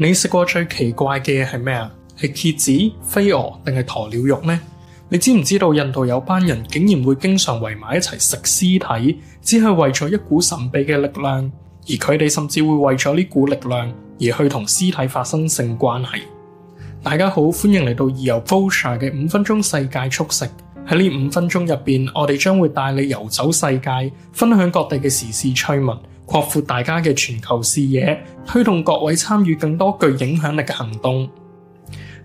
你食過最奇怪嘅係咩啊？係蠍子、飛蛾定係鴕鳥肉呢？你知唔知道印度有班人竟然會經常圍埋一齊食屍體，只係為咗一股神秘嘅力量，而佢哋甚至會為咗呢股力量而去同屍體發生性關係？大家好，歡迎嚟到由 Vosa 嘅五分鐘世界速食。喺呢五分鐘入邊，我哋將會帶你遊走世界，分享各地嘅時事趣聞，擴闊大家嘅全球視野，推動各位參與更多具影響力嘅行動。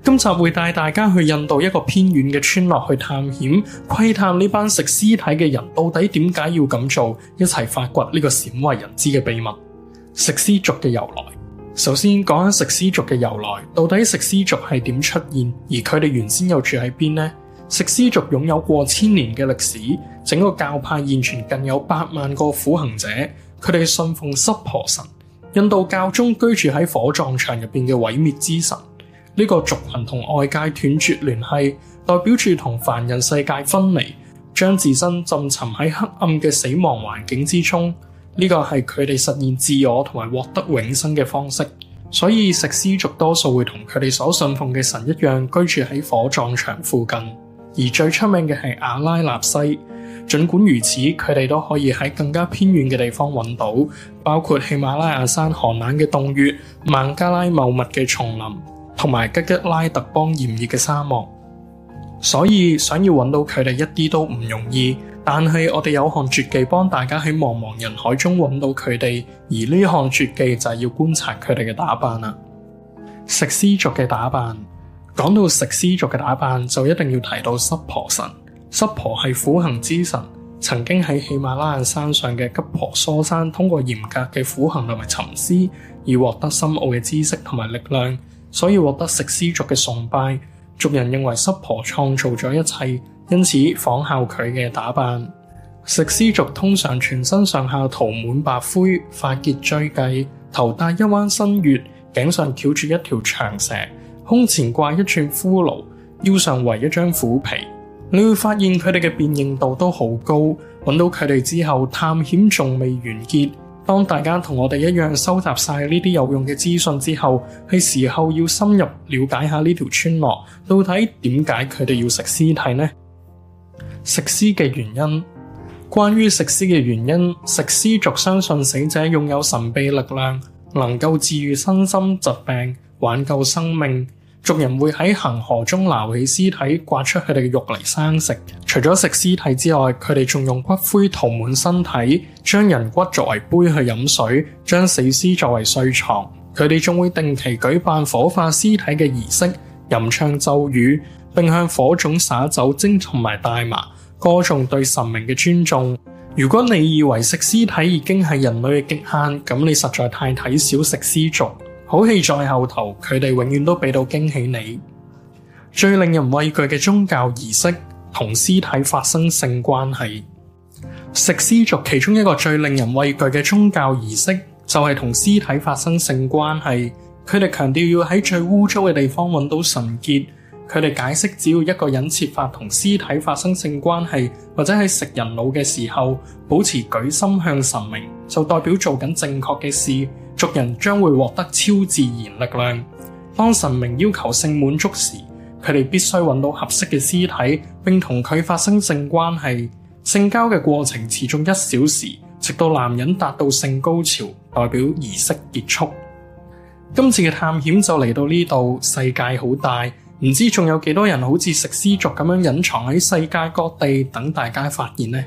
今集會帶大家去印度一個偏遠嘅村落去探險，窺探呢班食屍體嘅人到底點解要咁做，一齊發掘呢個鮮為人知嘅秘密——食屍族嘅由來。首先講下食屍族嘅由來，到底食屍族係點出現，而佢哋原先又住喺邊呢？食屍族擁有過千年嘅歷史，整個教派現存近有百萬個苦行者，佢哋信奉濕婆神，印度教中居住喺火葬場入邊嘅毀滅之神。呢、這個族群同外界斷絕聯繫，代表住同凡人世界分離，將自身浸沉喺黑暗嘅死亡環境之中。呢個係佢哋實現自我同埋獲得永生嘅方式。所以食屍族多數會同佢哋所信奉嘅神一樣，居住喺火葬場附近。而最出名嘅係阿拉納西，盡管如此，佢哋都可以喺更加偏遠嘅地方揾到，包括喜馬拉雅山寒冷嘅洞穴、孟加拉茂密嘅叢林，同埋吉吉拉特邦炎熱嘅沙漠。所以想要揾到佢哋一啲都唔容易，但係我哋有項絕技幫大家喺茫茫人海中揾到佢哋，而呢項絕技就係要觀察佢哋嘅打扮啦，食屍族嘅打扮。講到食屍族嘅打扮，就一定要提到濕婆神。濕婆係苦行之神，曾經喺喜馬拉雅山上嘅吉婆蘇山通過嚴格嘅苦行同埋沉思而獲得深奧嘅知識同埋力量，所以獲得食屍族嘅崇拜。族人認為濕婆創造咗一切，因此仿效佢嘅打扮。食屍族通常全身上下塗滿白灰，髮結追髻，頭戴一彎新月，頸上繞住一條長蛇。胸前掛一串骷髏，腰上圍一張虎皮，你會發現佢哋嘅辨認度都好高。揾到佢哋之後，探險仲未完結。當大家同我哋一樣收集晒呢啲有用嘅資訊之後，係時候要深入了解下呢條村落，到底點解佢哋要食屍體呢？食屍嘅原因，關於食屍嘅原因，食屍族相信死者擁有神秘力量。能夠治癒身心疾病，挽救生命，族人會喺恒河中撈起屍體，刮出佢哋嘅肉嚟生食。除咗食屍體之外，佢哋仲用骨灰塗滿身體，將人骨作為杯去飲水，將死屍作為睡床。佢哋仲會定期舉辦火化屍體嘅儀式，吟唱咒語，並向火種灑酒精同埋大麻，歌頌對神明嘅尊重。如果你以為食屍體已經係人類嘅極限，咁你實在太睇少食屍族。好戲在後頭，佢哋永遠都俾到驚喜你。最令人畏懼嘅宗教儀式，同屍體發生性關係。食屍族其中一個最令人畏懼嘅宗教儀式就係同屍體發生性關係。佢哋強調要喺最污糟嘅地方揾到神潔。佢哋解釋，只要一個人設法同屍體發生性關係，或者喺食人腦嘅時候保持舉心向神明，就代表做緊正確嘅事，族人將會獲得超自然力量。當神明要求性滿足時，佢哋必須揾到合適嘅屍體，並同佢發生性關係。性交嘅過程持續一小時，直到男人達到性高潮，代表儀式結束。今次嘅探險就嚟到呢度，世界好大。唔知仲有幾多人好似食屍族咁樣隱藏喺世界各地等大家發現呢？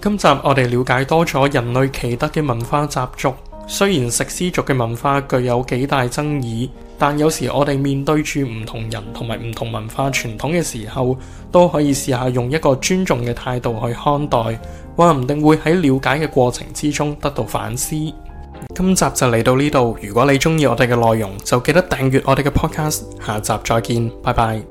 今集我哋了解多咗人類奇特嘅文化習俗。雖然食屍族嘅文化具有幾大爭議，但有時我哋面對住唔同人同埋唔同文化傳統嘅時候，都可以試下用一個尊重嘅態度去看待，話唔定會喺了解嘅過程之中得到反思。今集就嚟到呢度，如果你鍾意我哋嘅內容，就記得訂閱我哋嘅 podcast，下集再見，拜拜。